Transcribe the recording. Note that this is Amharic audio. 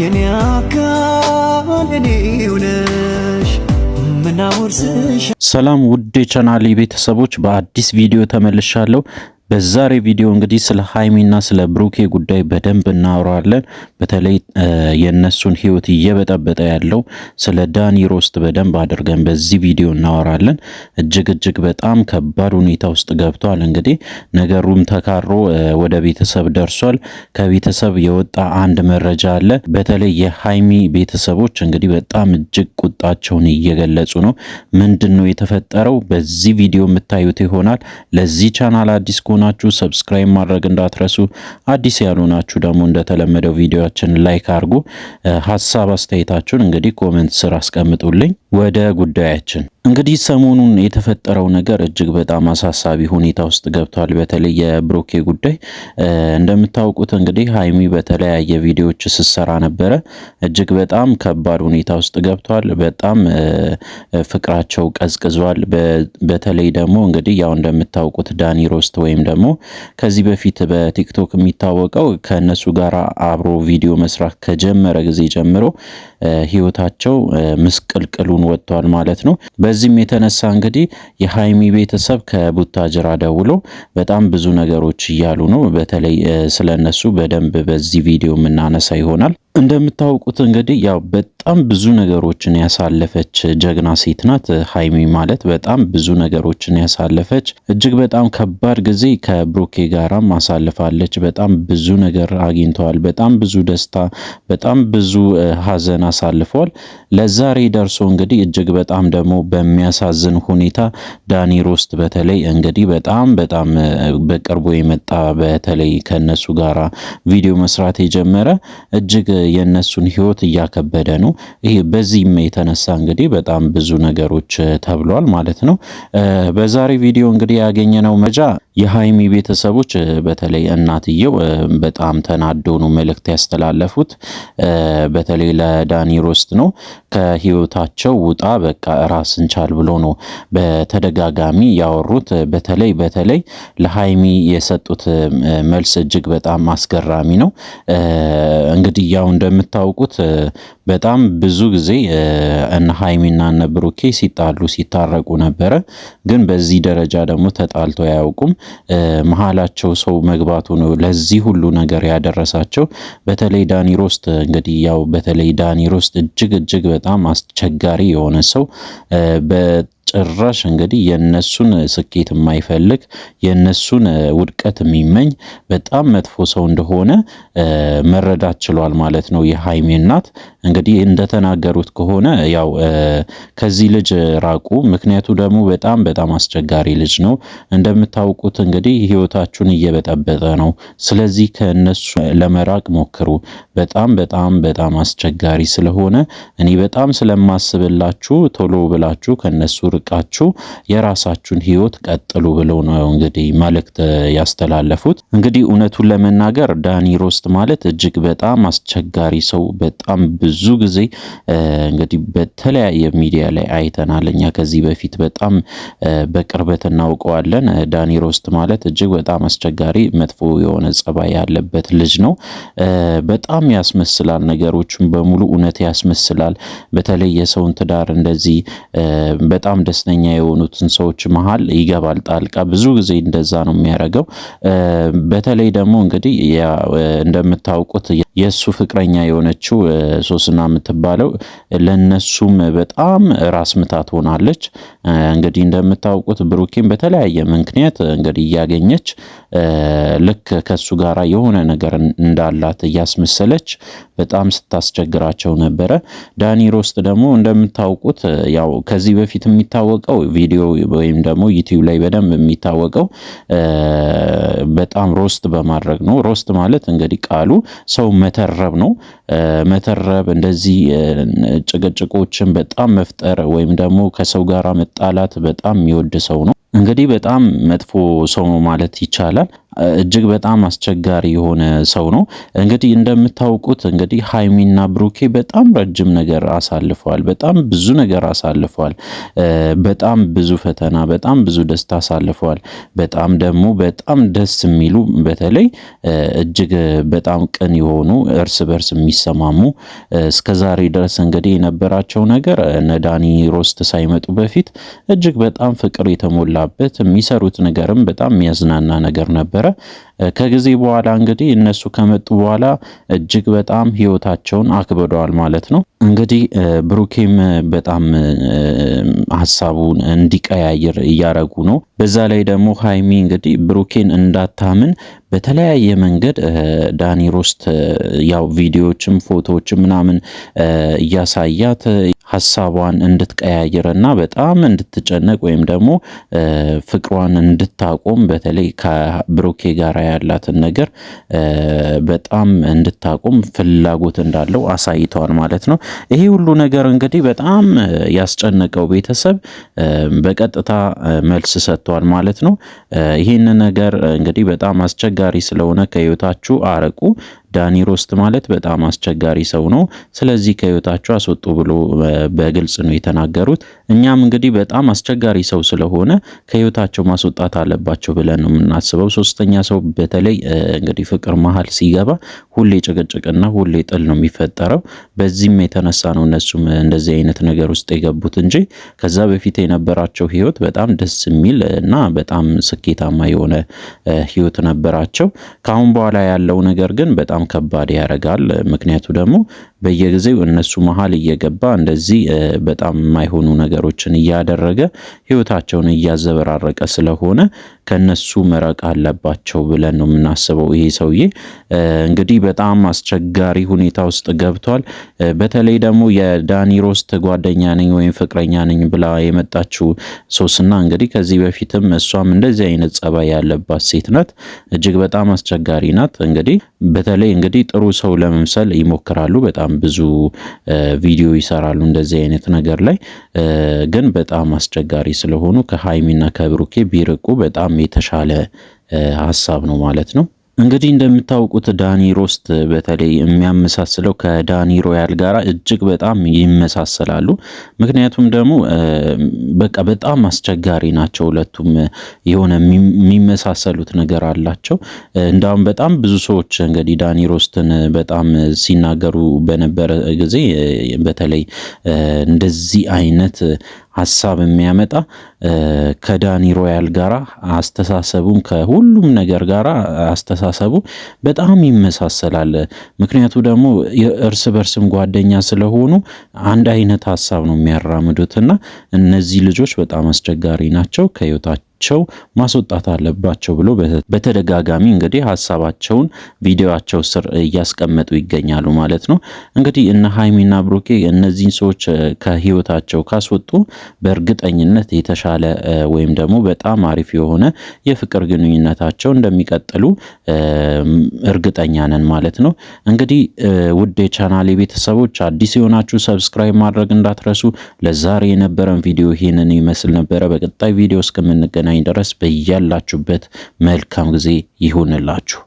የኔ አካል እኔው ነሽ። ሰላም ውድ የቻናሌ ቤተሰቦች በአዲስ ቪዲዮ ተመልሻለሁ። በዛሬ ቪዲዮ እንግዲህ ስለ ሀይሚና ስለ ብሩኬ ጉዳይ በደንብ እናወራለን። በተለይ የእነሱን ህይወት እየበጠበጠ ያለው ስለ ዳኒ ሮስት በደንብ አድርገን በዚህ ቪዲዮ እናወራለን። እጅግ እጅግ በጣም ከባድ ሁኔታ ውስጥ ገብቷል። እንግዲህ ነገሩም ተካሮ ወደ ቤተሰብ ደርሷል። ከቤተሰብ የወጣ አንድ መረጃ አለ። በተለይ የሀይሚ ቤተሰቦች እንግዲህ በጣም እጅግ ቁጣቸውን እየገለጹ ነው። ምንድን ነው የተፈጠረው? በዚህ ቪዲዮ የምታዩት ይሆናል። ለዚህ ቻናል አዲስ ከሆነ ከሆናችሁ ሰብስክራይብ ማድረግ እንዳትረሱ። አዲስ ያልሆናችሁ ደግሞ እንደተለመደው ቪዲዮችን ላይክ አርጉ ሀሳብ አስተያየታችሁን እንግዲህ ኮሜንት ስር አስቀምጡልኝ። ወደ ጉዳያችን እንግዲህ ሰሞኑን የተፈጠረው ነገር እጅግ በጣም አሳሳቢ ሁኔታ ውስጥ ገብቷል። በተለይ የብሩኬ ጉዳይ እንደምታውቁት እንግዲህ ሀይሚ በተለያየ ቪዲዮዎች ስትሰራ ነበረ። እጅግ በጣም ከባድ ሁኔታ ውስጥ ገብቷል። በጣም ፍቅራቸው ቀዝቅዟል። በተለይ ደግሞ እንግዲህ ያው እንደምታውቁት ዳኒ ሮስት ወይም ደግሞ ከዚህ በፊት በቲክቶክ የሚታወቀው ከእነሱ ጋር አብሮ ቪዲዮ መስራት ከጀመረ ጊዜ ጀምሮ ህይወታቸው ምስቅልቅሉን ወጥቷል ማለት ነው። በዚህም የተነሳ እንግዲህ የሀይሚ ቤተሰብ ከቡታጅራ ደውሎ በጣም ብዙ ነገሮች እያሉ ነው። በተለይ ስለነሱ በደንብ በዚህ ቪዲዮ የምናነሳ ይሆናል። እንደምታውቁት እንግዲህ ያው በጣም ብዙ ነገሮችን ያሳለፈች ጀግና ሴት ናት። ሀይሚ ማለት በጣም ብዙ ነገሮችን ያሳለፈች እጅግ በጣም ከባድ ጊዜ ከብሩኬ ጋራም አሳልፋለች። በጣም ብዙ ነገር አግኝተዋል። በጣም ብዙ ደስታ፣ በጣም ብዙ ሀዘን አሳልፈዋል። ለዛሬ ደርሶ እንግዲህ እጅግ በጣም ደግሞ በ በሚያሳዝን ሁኔታ ዳኒ ሮስት በተለይ እንግዲህ በጣም በጣም በቅርቡ የመጣ በተለይ ከነሱ ጋራ ቪዲዮ መስራት የጀመረ እጅግ የነሱን ህይወት እያከበደ ነው። ይሄ በዚህም የተነሳ እንግዲህ በጣም ብዙ ነገሮች ተብሏል ማለት ነው። በዛሬ ቪዲዮ እንግዲህ ያገኘነው መጃ የሀይሚ ቤተሰቦች በተለይ እናትየው በጣም ተናደው ነው መልእክት ያስተላለፉት። በተለይ ለዳኒ ሮስት ነው ከህይወታቸው ውጣ በቃ ራስን ቻል ብሎ ነው በተደጋጋሚ ያወሩት። በተለይ በተለይ ለሀይሚ የሰጡት መልስ እጅግ በጣም አስገራሚ ነው። እንግዲህ ያው እንደምታውቁት በጣም ብዙ ጊዜ እነ ሀይሚና እነ ብሩኬ ሲጣሉ ሲታረቁ ነበረ። ግን በዚህ ደረጃ ደግሞ ተጣልቶ አያውቁም። መሀላቸው ሰው መግባቱ ነው ለዚህ ሁሉ ነገር ያደረሳቸው። በተለይ ዳኒ ሮስት እንግዲህ ያው በተለይ ዳኒ ሮስት እጅግ እጅግ በጣም አስቸጋሪ የሆነ ሰው ጭራሽ እንግዲህ የነሱን ስኬት የማይፈልግ የነሱን ውድቀት የሚመኝ በጣም መጥፎ ሰው እንደሆነ መረዳት ችሏል ማለት ነው የሀይሜ እናት። እንግዲህ እንደተናገሩት ከሆነ ያው ከዚህ ልጅ ራቁ። ምክንያቱ ደግሞ በጣም በጣም አስቸጋሪ ልጅ ነው። እንደምታውቁት እንግዲህ ህይወታችሁን እየበጠበጠ ነው። ስለዚህ ከእነሱ ለመራቅ ሞክሩ። በጣም በጣም በጣም አስቸጋሪ ስለሆነ እኔ በጣም ስለማስብላችሁ ቶሎ ብላችሁ ከእነሱ ርቃችሁ የራሳችሁን ህይወት ቀጥሉ ብለው ነው እንግዲህ መልእክት ያስተላለፉት። እንግዲህ እውነቱን ለመናገር ዳኒ ሮስት ማለት እጅግ በጣም አስቸጋሪ ሰው በጣም ብዙ ጊዜ እንግዲህ በተለያየ ሚዲያ ላይ አይተናል። እኛ ከዚህ በፊት በጣም በቅርበት እናውቀዋለን። ዳኒ ሮስት ማለት እጅግ በጣም አስቸጋሪ መጥፎ የሆነ ጸባይ ያለበት ልጅ ነው። በጣም ያስመስላል፣ ነገሮችን በሙሉ እውነት ያስመስላል። በተለይ የሰውን ትዳር እንደዚህ በጣም ደስተኛ የሆኑትን ሰዎች መሀል ይገባል ጣልቃ። ብዙ ጊዜ እንደዛ ነው የሚያደርገው። በተለይ ደግሞ እንግዲህ እንደምታውቁት የእሱ ፍቅረኛ የሆነችው ሶስና የምትባለው ለነሱም በጣም ራስ ምታት ሆናለች። እንግዲህ እንደምታውቁት ብሩኬን በተለያየ ምክንያት እንግዲህ እያገኘች ልክ ከሱ ጋራ የሆነ ነገር እንዳላት እያስመሰለች በጣም ስታስቸግራቸው ነበረ። ዳኒ ሮስት ደግሞ እንደምታውቁት ያው ከዚህ በፊት የሚታወቀው ቪዲዮ ወይም ደግሞ ዩቲዩብ ላይ በደንብ የሚታወቀው በጣም ሮስት በማድረግ ነው። ሮስት ማለት እንግዲህ ቃሉ ሰው መተረብ ነው። መተረብ እንደዚህ ጭቅጭቆችን በጣም መፍጠር ወይም ደግሞ ከሰው ጋር መጣላት በጣም የሚወድ ሰው ነው። እንግዲህ በጣም መጥፎ ሰው ነው ማለት ይቻላል። እጅግ በጣም አስቸጋሪ የሆነ ሰው ነው። እንግዲህ እንደምታውቁት እንግዲህ ሀይሚና ብሩኬ በጣም ረጅም ነገር አሳልፈዋል። በጣም ብዙ ነገር አሳልፈዋል። በጣም ብዙ ፈተና፣ በጣም ብዙ ደስታ አሳልፈዋል። በጣም ደግሞ በጣም ደስ የሚሉ በተለይ እጅግ በጣም ቅን የሆኑ እርስ በርስ የሚሰማሙ እስከዛሬ ድረስ እንግዲህ የነበራቸው ነገር እነ ዳኒ ሮስት ሳይመጡ በፊት እጅግ በጣም ፍቅር የተሞላበት የሚሰሩት ነገርም በጣም የሚያዝናና ነገር ነበር። ነበረ። ከጊዜ በኋላ እንግዲህ እነሱ ከመጡ በኋላ እጅግ በጣም ህይወታቸውን አክብደዋል ማለት ነው። እንግዲህ ብሩኬም በጣም ሀሳቡን እንዲቀያየር እያረጉ ነው። በዛ ላይ ደግሞ ሀይሚ እንግዲህ ብሩኬን እንዳታምን በተለያየ መንገድ ዳኒ ሮስት ያው ቪዲዮዎችም ፎቶዎችም ምናምን እያሳያት ሀሳቧን እንድትቀያየር እና በጣም እንድትጨነቅ ወይም ደግሞ ፍቅሯን እንድታቆም በተለይ ከብሩኬ ጋር ያላትን ነገር በጣም እንድታቆም ፍላጎት እንዳለው አሳይተዋል ማለት ነው። ይሄ ሁሉ ነገር እንግዲህ በጣም ያስጨነቀው ቤተሰብ በቀጥታ መልስ ሰጥቷል ማለት ነው። ይህን ነገር እንግዲህ በጣም አስቸጋሪ ስለሆነ ከህይወታችሁ አረቁ ዳኒ ሮስት ማለት በጣም አስቸጋሪ ሰው ነው። ስለዚህ ከህይወታቸው አስወጡ ብሎ በግልጽ ነው የተናገሩት። እኛም እንግዲህ በጣም አስቸጋሪ ሰው ስለሆነ ከህይወታቸው ማስወጣት አለባቸው ብለን ነው የምናስበው። ሶስተኛ ሰው በተለይ እንግዲህ ፍቅር መሀል ሲገባ ሁሌ ጭቅጭቅና ሁሌ ጥል ነው የሚፈጠረው። በዚህም የተነሳ ነው እነሱም እንደዚህ አይነት ነገር ውስጥ የገቡት እንጂ ከዛ በፊት የነበራቸው ህይወት በጣም ደስ የሚል እና በጣም ስኬታማ የሆነ ህይወት ነበራቸው። ከአሁን በኋላ ያለው ነገር ግን በጣም በጣም ከባድ ያደርጋል። ምክንያቱ ደግሞ በየጊዜው እነሱ መሀል እየገባ እንደዚህ በጣም የማይሆኑ ነገሮችን እያደረገ ህይወታቸውን እያዘበራረቀ ስለሆነ ከነሱ መራቅ አለባቸው ብለን ነው የምናስበው። ይሄ ሰውዬ እንግዲህ በጣም አስቸጋሪ ሁኔታ ውስጥ ገብቷል። በተለይ ደግሞ የዳኒ ሮስት ጓደኛ ነኝ ወይም ፍቅረኛ ነኝ ብላ የመጣችው ሶስና እንግዲህ ከዚህ በፊትም እሷም እንደዚህ አይነት ጸባይ ያለባት ሴት ናት። እጅግ በጣም አስቸጋሪ ናት። እንግዲህ በተለይ እንግዲህ ጥሩ ሰው ለመምሰል ይሞክራሉ በጣም ብዙ ቪዲዮ ይሰራሉ እንደዚህ አይነት ነገር ላይ ግን በጣም አስቸጋሪ ስለሆኑ ከሀይሚና ከብሩኬ ቢርቁ በጣም የተሻለ ሀሳብ ነው ማለት ነው። እንግዲህ እንደምታውቁት ዳኒ ሮስት በተለይ የሚያመሳስለው ከዳኒ ሮያል ጋር እጅግ በጣም ይመሳሰላሉ። ምክንያቱም ደግሞ በቃ በጣም አስቸጋሪ ናቸው ሁለቱም። የሆነ የሚመሳሰሉት ነገር አላቸው። እንዳውም በጣም ብዙ ሰዎች እንግዲህ ዳኒ ሮስትን በጣም ሲናገሩ በነበረ ጊዜ በተለይ እንደዚህ አይነት ሀሳብ የሚያመጣ ከዳኒ ሮያል ጋራ አስተሳሰቡን ከሁሉም ነገር ጋራ አስተሳሰቡ በጣም ይመሳሰላል። ምክንያቱ ደግሞ እርስ በርስም ጓደኛ ስለሆኑ አንድ አይነት ሀሳብ ነው የሚያራምዱትና እነዚህ ልጆች በጣም አስቸጋሪ ናቸው ከህይወታቸው ከህይወታቸው ማስወጣት አለባቸው ብሎ በተደጋጋሚ እንግዲህ ሀሳባቸውን ቪዲዮቸው ስር እያስቀመጡ ይገኛሉ ማለት ነው። እንግዲህ እነ ሀይሚና ብሩኬ እነዚህን ሰዎች ከህይወታቸው ካስወጡ በእርግጠኝነት የተሻለ ወይም ደግሞ በጣም አሪፍ የሆነ የፍቅር ግንኙነታቸው እንደሚቀጥሉ እርግጠኛ ነን ማለት ነው። እንግዲህ ውድ የቻናሌ ቤተሰቦች አዲስ የሆናችሁ ሰብስክራይብ ማድረግ እንዳትረሱ። ለዛሬ የነበረን ቪዲዮ ይህንን ይመስል ነበረ። በቀጣይ ቪዲዮ እስከምንገናኝ እስክንገናኝ ድረስ በያላችሁበት መልካም ጊዜ ይሁንላችሁ።